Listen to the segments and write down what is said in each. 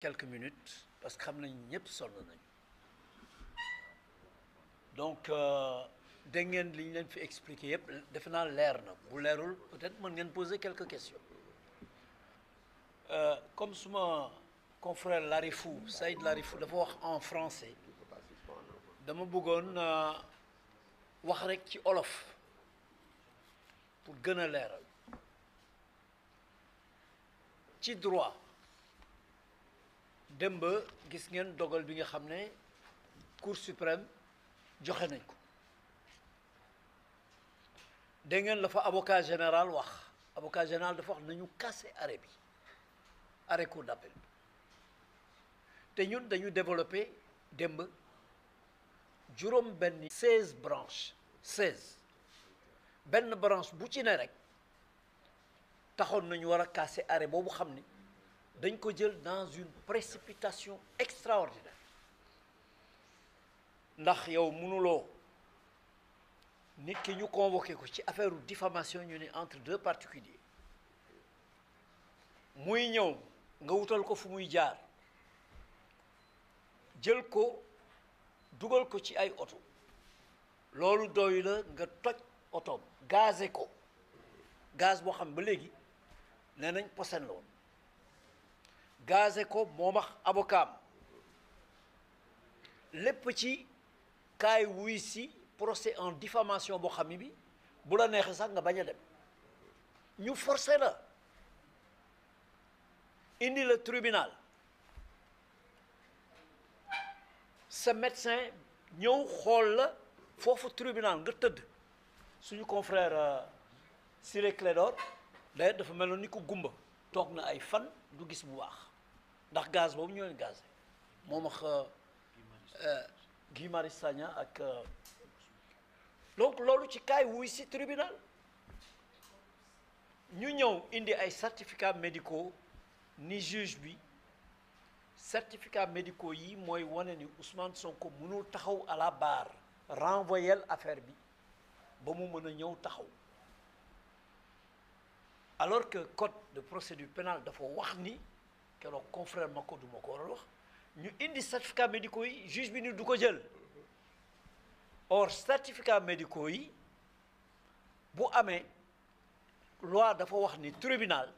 quelques minutes parce que xam nañ ñëpp sonn nañ donc euh, dégg ngeen li ñu leen fi expliqué yëpp defe naa leer na bu leerul peut-être mën ngeen poser quelques questions euh, comme suma confrère Larifou Saïd Larifou dafa wax en français dama bëggoon euh, wax rek ci olof pour gën a leeral ci droit dem gis ngeen dogal bi nga xam ne Cour suprême joxe nañ ko dégg ngeen la fa avocat général wax avocat général dafa wax nañu casser arrêt bi arrêt cour d'appel bi te ñun dañu développé démb juróom benn seize branches seize benn branche bu ci ne rek taxoon nañu war a casser arrêt boobu xam ni dañ ko jël dans une précipitation extraordinaire ndax yow mënuloo nit ki ñu convoqué ko ci affaire diffamation ñu ne entre deux particuliers muy ñëw nga wutal ko fu muy jaar jël ko dugal ko ci ay oto loolu doy la nga toj otoom gazé ko gaz boo xam ba léegi nee nañ posen la gaze ko moom ak avocat lépp ci kaay wuy si procès en diffamation boo xam ne bi bu la neexee sax nga bañ a dem ñu forcé la indi le tribunal sa médecin ñëw xool la foofu tribunal nga tëdd suñu confrère Siré euh, Clédor d'ailleurs dafa meloon ni ko gumba toog na ay fan du gis bu baax ndax gaz boobu ñu leen gazé moom ak euh, Guy Marius ak euh, donc loolu ci kaay wuy si tribunal ñu ñëw indi ay certificats médicaux ni juge bi certificats médico yi mooy wane ni Ousmane Sonko mënul taxaw à la barre renvoyel affaire bi ba mu mën a ñëw taxaw alors que code de procédure pénale dafa wax ni keroog confrère ma ko du ma ko waral wax ñu indi certificat médicaux yi juge bi ni du ko jël or certificat médicaux yi bu amee loi dafa wax ni tribunal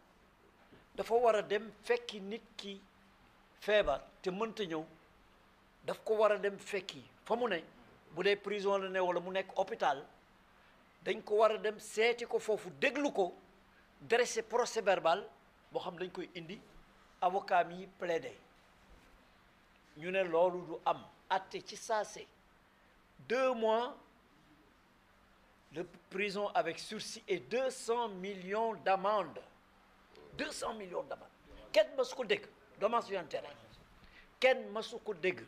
dafa war a dem fekki nit ki feebar te mënta ñëw daf ko war a dem fekki fa mu ne bu dee prison la ne wala mu nekk hôpital dañ ko war a dem seeti ko foofu déglu ko dresser procès verbal boo xam dañ koy indi avocat mi plaidé ñu ne loolu du am atte ci saase deux mois de prison avec sursis et deux cent millions d'amende deux cent millions d'amende kenn masu ko dégg dommage sur kenn masu ko dégg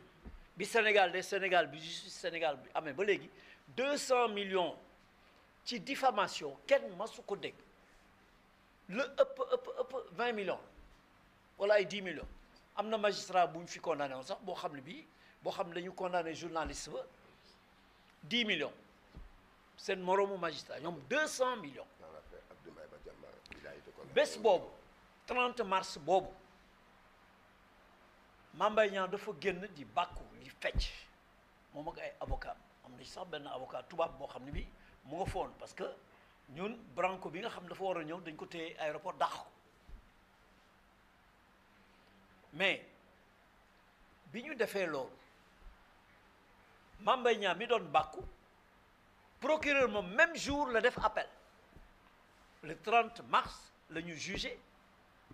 bi Sénégal de Sénégal bi justice Sénégal bi amee ba léegi deux cent millions ci diffamation kenn masu ko dégg le ëpp ëpp ëpp vingt millions wala ay 10 millions am na magistrat bu ñu fi condamné woon sax boo xam ne bii boo xam ne dañu condamné journaliste ba 10 millions seen moroomu magistrat ñoom 200 millions. bes boobu 30 mars boobu Mame Mbaye Niang dafa génn di bàkku di fecc moo ak ay avocat am na sax benn avocat tubaab boo xam ne bi mu nga foon parce que ñun branco bi nga xam dafa war a ñëw dañ ko téye aéroport dàq ko mais bi ñu defee loolu Mame Mbaye Niang mi doon bàkku procureur moom même jour la def appel le 30 mars la ñu jugé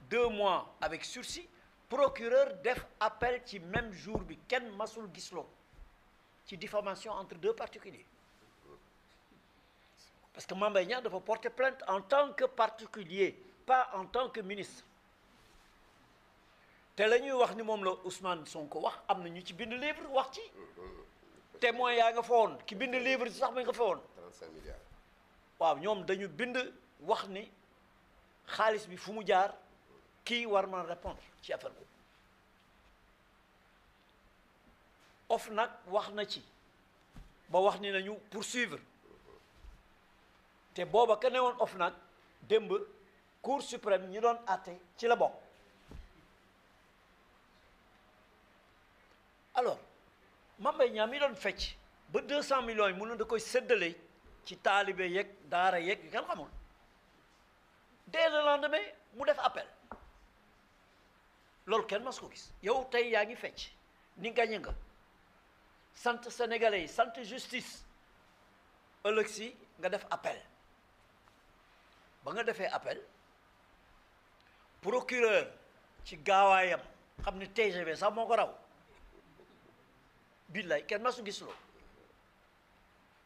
deux mois avec sursis procureur def appel ci même jour bi kenn masul gis loolu ci diffamation entre deux particuliers parce que Mame Mbaye Niang dafa porter plainte en tant que particulier pas en tant que ministre te la ñuy wax ni moom la Ousmane ko wax am na ñu ci bind livre wax ci témoin yaa nga fa ki bind livre sax mañ nga fa waaw ñoom dañu bind wax ni xaalis bi fu mu jaar kii war man répondre ci affaire boobu nag wax na ci ba wax ni nañu poursuivre te booba ka ne of nag démb cour suprême ñi doon àtte ci la bokk alors Mame Mbaye Niang mi doon fecc ba 200 millions yi mënoon da koy séddale ci taalibe yeeg daara yeeg yu kenn xamul dès le lendemain mu def appel loolu kenn mas gis yow tey yaa ngi fecc ni gañe nga sant sénégalais yi sant justice ëllëg si nga def appel ba nga defee appel procureur ci gaawaayam xam ne TGV sax moo ko raw billaay kenn masu gis loo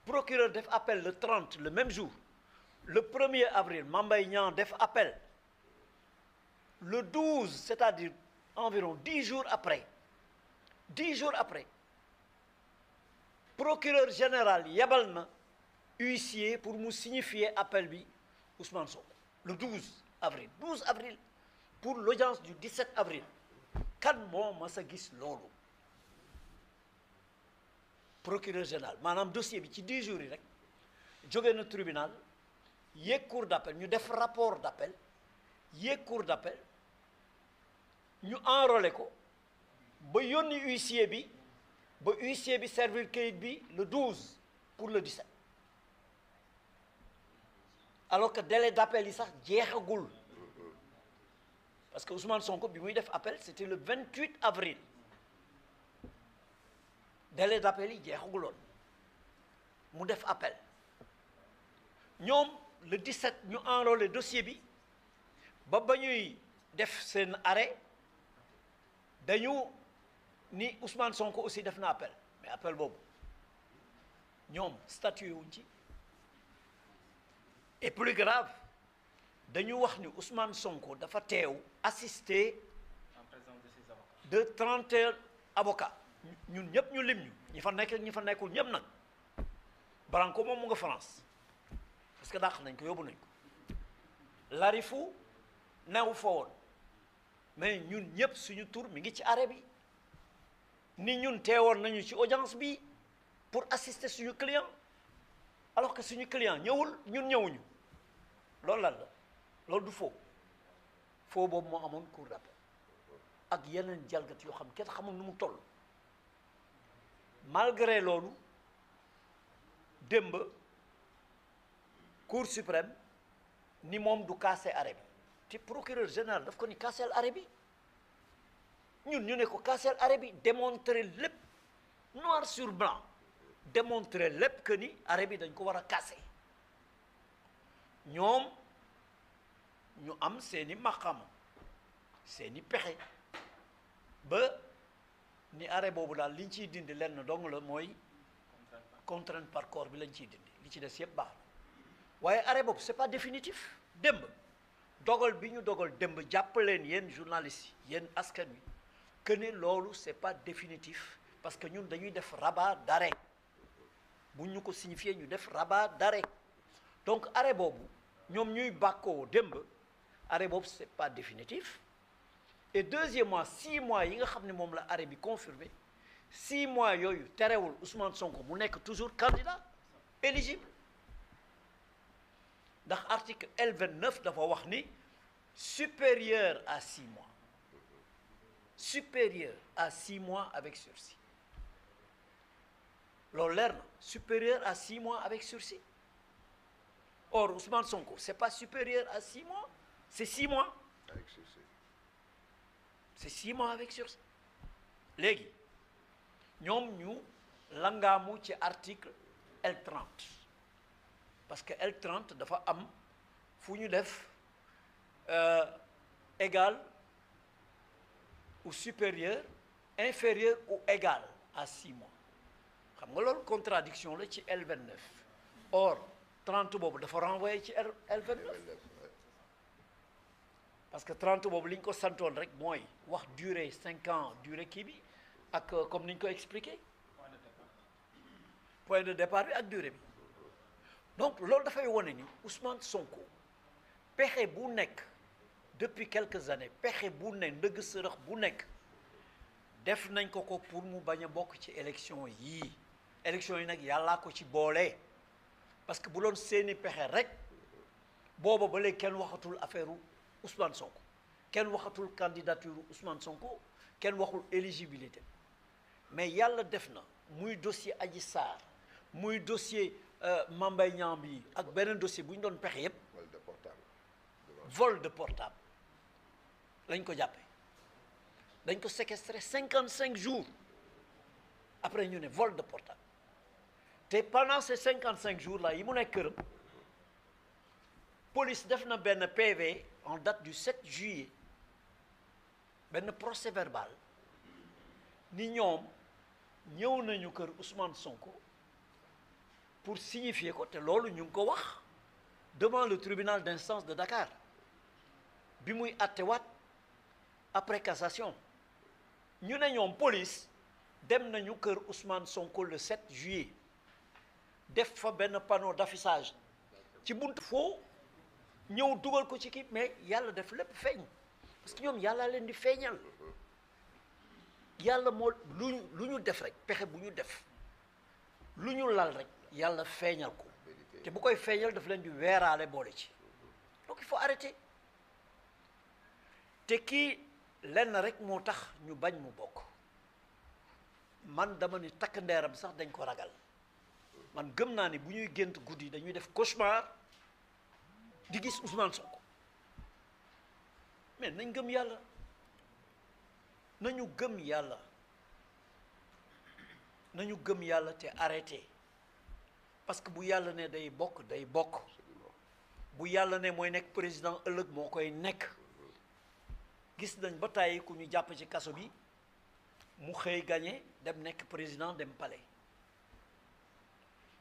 procureur def appel le 30 le même jour le 1er avril Mame Mbaye def appel le 12 c'est-à-dire environ 10 jours après 10 jours après procureur général yebal na huissier pour mu signifier appel bi Ousmane Sonko le 12 avril 12 avril pour l'audience du 17 avril kan moo mas a gis loolu procureur général maanaam dossier bi ci 10 jours yi rek jóge na tribunal yéeg cour d'appel ñu def rapport d'appel yéeg cour d'appel ñu enrôlé ko ba yónni huissier bi ba huissier bi servir kayit bi le 12 pour le 17 alors que délai d'appel yi sax jeexagul parce que Ousmane Sonko bi muy def appel c'était le 28 avril. délai d'appel yi jeexaguloon mu def appel ñoom le 17 ñu enrôlé dossier bi ba ba ñuy def seen arrêt dañu ni Ousmane Sonko aussi def na appel mais appel boobu ñoom statué wuñ ci et plus grave dañu wax ni Ousmane Sonko dafa teew assisté de 31 avocats ñun ñëpp ñu lim ñu ñi fa nekk ñi fa nekkul ñëpp nag Branco moom mu nga France parce que dàq nañ ko yóbbu nañ ko Larifou newu fa woon mais ñun ñëpp suñu tuur mi ngi ci arrêt bi ni ñun teewoon nañu ci audience bi pour assister suñu client alors que suñu client ñëwul ñun ñëwuñu loolu lan la loolu du faux faux boobu moo amoon cour d'appel ak yeneen jalgat yoo xam ket xamul nu mu toll malgré loolu démb cour suprême ni moom du casser arrêt bi te procureur général daf ko ni casser arrêt bi ñun ñu ne ko casser arrêt bi démontrer lépp noir sur blanc démontrer lépp que ni arrêt bi dañ ko war a casser ñoom ñu am seeni maqam seeni pexe ba ni arrêt boobu daal li ñu ciy dindi lenn dong la mooy contrainte par corps bi lañ ciy dindi li ci des yëpp baax waaye arrêt boobu c'est pas définitif démb dogal bi ñu dogal démb jàpp leen yéen journalistes yi yéen askan wi que ne loolu c'est pas définitif parce que ñun dañuy def rabat d'arrêt bu ñu ko signifier ñu def rabat d'arrêt donc arrêt boobu ñoom ñuy bàkkoo démb arrêt boobu c'est pas définitif et deuxièmement six mois yi nga xam ne moom la arrêt bi confirmé six mois yooyu terewul Ousmane Sonko mu nekk toujours candidat éligible ndax article L29 dafa wax ni supérieur à six mois supérieur à six mois avec sursis loolu leer na à six mois avec sursis or Ousmane Sonko c'est pas supérieur à six mois c'est six mois c'est six mois avec sursis léegi ñoom ñu langaamu ci article L30 parce que l trente dafa am fu ñu def euh, égal ou supérieur inférieur ou égal à six mois xam nga loolu contradiction la ci l or 30 boobu dafa renvoyé ci L29 parce que 30 boobu li ñu ko santoon rek mooy wax durée 5 ans durée kii bi ak euh, comme ni ñu ko expliqué point de départ bi ak durée bi donc loolu dafay wane ni Ousmane Sonko pexe bu nekk depuis quelques années pexe bu ne ndëgg sërëx bu nekk def nañ ko ko pour mu bañ a bokk ci élection yii élection yi nag yàllaa ko ci boolee parce que bu loon seeni pexe rek booba ba léegi kenn waxatul affaire Ousmane Sonko kenn waxatul candidature Ousmane Sonko kenn waxul éligibilité mais yàlla def na muy dossier Adji Sarr muy dossier euh, Mame Mbaye Niang bi ak beneen dossier bu ñu doon pexe yépp vol de portable vol de portable lañ ko jàppee dañ ko séquestré cinquante cinq jours après ñu ne vol de portable te pendant ces cinquante cinq jours là yi mu nekk këram police def na benn PV en date du 7 juillet benn procès verbal ni ñoom ñëw nañu kër Ousmane Sonko pour signifier ko te loolu ñu ngi ko wax devant le tribunal d'instance de Dakar bi muy attewaat après cassation ñu ne ñoom police dem nañu kër Ousmane Sonko le 7 juillet def fa benn panneau d'affichage ci buntu foo ñëw dugal ko ci kii mais yàlla def lépp feeñ parce que ñoom yàllaa leen di feeñal yàlla moo lu lu ñu def rek pexe bu ñu def lu ñu lal rek yàlla feeñal ko te bu koy feeñal daf leen di weeraale boole ci donc il faut arrêter te kii lenn rek moo tax ñu bañ mu bokk man dama ni takk ndeeram sax dañ ko ragal man gëm naa ni bu ñuy gént guddi dañuy def cauchemar di gis Ousmane Sonko mais nañ gëm yàlla nañu gëm yàlla nañu gëm yàlla te arrêté parce que bu yàlla ne day bokk day bokk bu yàlla ne mooy nekk président ëllëg moo koy nekk gis nañ ba tàyyi ku ñu jàpp ci kaso bi mu xëy gagné dem nekk président dem palais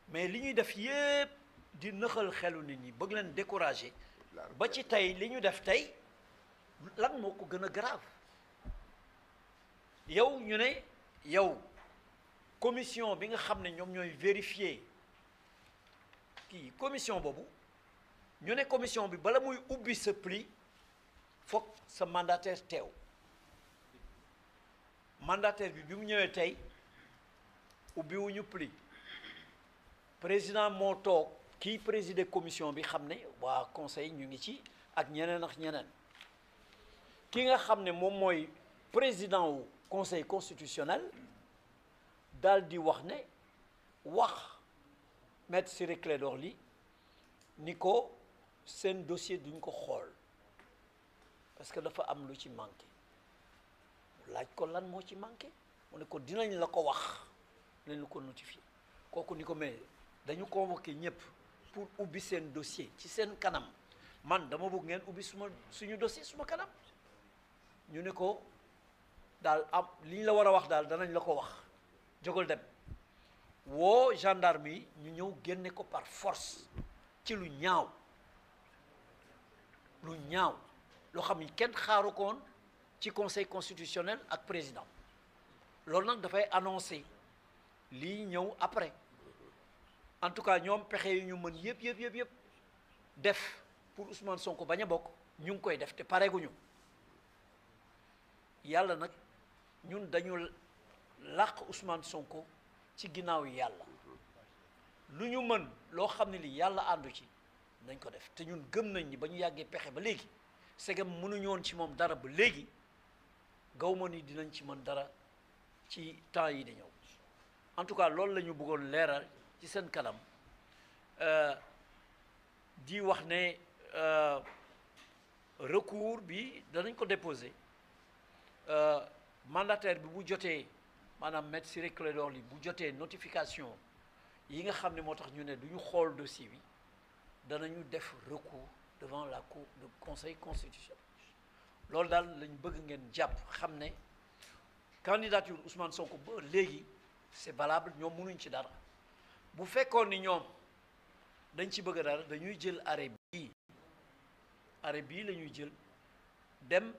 mais li ñuy def yépp di nëxal xelu nit ñi bëgg leen décourager ba ci tey li ñu def tey lan moo ko gën a grave yow ñu ne yow commission bi nga xam ne ñoom ñooy vérifier kii commission boobu ñu ne commission bi bala muy ubbi sa pli foog sa mandataire teew mandataire bi bi mu ñëwee tey ubbiwuñu pli président moo toog kii présider commission bi xam ne waa conseil ñu ngi ci ak ñeneen ak ñeneen ki nga xam ne moom mooy président wu conseil constitutionnel dal di wax ne wax maître Ciré dox li ni ko seen dossier duñ ko xool parce que dafa am lu ci manqué laaj ko lan moo ci manqué mu ne ko dinañ la ko wax dinañ la ko notifier kooku ni ko mais dañu convoqué ñëpp pour ubbi seen dossier ci seen kanam man dama bëgg ngeen ubbi suma suñu dossier suma kanam ñu ne ko daal am li ñu la war a wax daal danañ la ko wax jógal dem woo gendarme yi ñu ñëw génne ko par force ci lu ñaaw lu ñaaw loo xam ni kenn xaaru koon ci conseil constitutionnel ak président loolu nag dafay annoncé lii ñëw après en tout cas ñoom pexe yu ñu mën yëpp yëpp yëpp yëpp def pour Ousmane Sonko bañ a bokk ñu ngi koy def te pareeguñu yàlla nag ñun dañu làq Ousmane Sonko ci ginnaaw yi yàlla lu ñu mën loo xam ne lii yàlla àndu ci nañ ko def te ñun gëm nañ ni ba ñu yàggee pexe ba léegi segam mënuñu woon ci moom dara ba léegi gaw ma ni dinañ ci mën dara ci temps yi di ñëw en tout cas loolu la ñu leeral. ci seen kanam euh, di wax ne euh, recours bi danañ ko déposer euh, mandataire bi bu jotee maanaam maître Ciré Clédor Ly bu jotee notification yi nga xam ne moo tax ñu ne du ñu xool dossier bi danañu def recours devant la cour de conseil constitutionnel loolu daal lañ bëgg ngeen jàpp xam ne candidature Ousmane ko ba léegi c'est valable ñoom mënuñ ci dara bu fekkoon ni ñoom dañ ci bëgg dara dañuy jël arrêt bii arrêt bii lañuy jël dem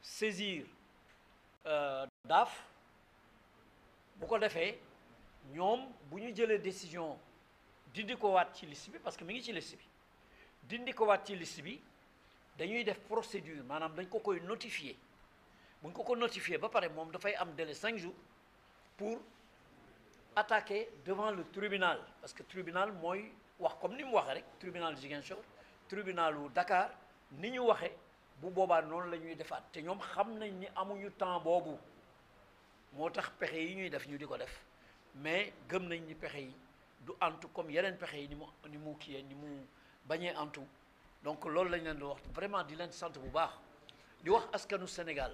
saisir euh, daaf bu ko defee ñoom bu ñu jëlee décision dindi ko waat ci liste bi parce que mu ngi ci liste bi dindi ko waat ci list bi dañuy def procédure maanaam dañ ko koy notifier bu ñu ko ko notifier ba pare moom dafay am délai cinq jours pour attaqué devant le tribunal parce que tribunal mooy wax comme ni mu waxee rek tribunal Ziguinchor tribunalu Dakar ni ñu waxee bu boobaan noonu la ñuy defaat te ñoom xam nañ ni amuñu temps boobu moo tax pexe yi ñuy def ñu di ko def mais gëm nañ ni pexe yi du antu comme yeneen pexe yi ni mu ni mu kiyee ni mu bañee antu donc loolu lañ leen di wax vraiment di leen sant bu baax di wax askanu Sénégal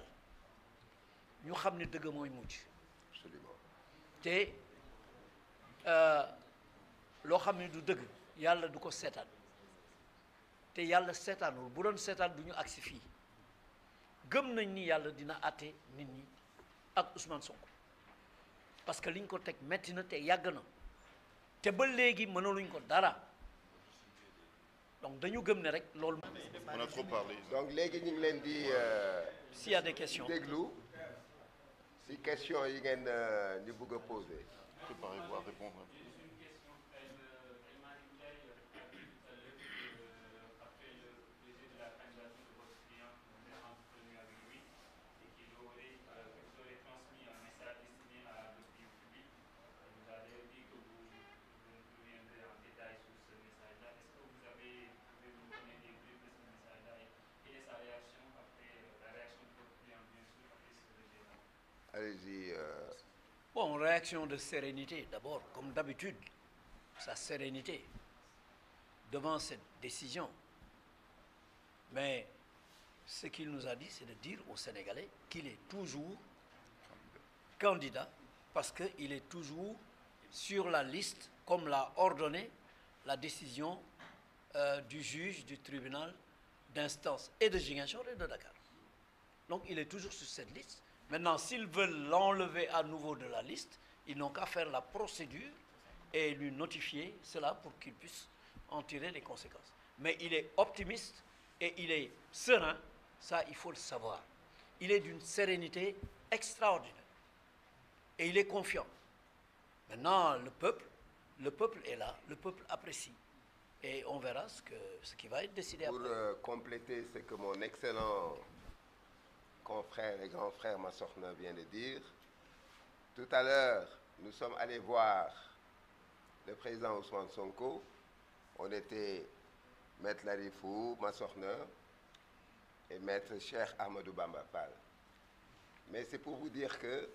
ñu xam ni dëgg mooy mujj. te. Euh, loo xam ne du dëgg yàlla du ko seetaan te yàlla seetaanul bu doon seetaan du ñu agsi fii gëm nañ ni yàlla dina àtte nit ñi ak Ousmane Sonko parce que liñ ko teg metti na te yàgg na te ba léegi mënaluñ ko dara donc dañu gëm ne rek loolu. on a trop parlé. donc léegi ñu ngi leen di. Euh, s'il y a des questions déglu si question yi ngeen euh, ñu bëgg a poser. préparez-vous à répondre. Bon, réaction de sérénité, d'abord, comme d'habitude, sa sérénité devant cette décision. Mais ce qu'il nous a dit, c'est de dire aux Sénégalais qu'il est toujours candidat parce qu'il est toujours sur la liste, comme l'a ordonné la décision euh, du juge du tribunal d'instance et de Gingachor et de Dakar. Donc il est toujours sur cette liste Maintenant, s'ils veulent l'enlever à nouveau de la liste, ils n'ont qu'à faire la procédure et lui notifier cela pour qu'il puisse en tirer les conséquences. Mais il est optimiste et il est serein, ça il faut le savoir. Il est d'une sérénité extraordinaire et il est confiant. Maintenant, le peuple, le peuple est là, le peuple apprécie. Et on verra ce, que, ce qui va être décidé Pour euh, compléter ce que mon excellent confrères et grands frères Massokhna vient de dire. Tout à l'heure, nous sommes allés voir le président Ousmane Sonko. On était Maître Larifou, Massokhna et Maître Cheikh Ahmadou Bamba Fall. Mais c'est pour vous dire que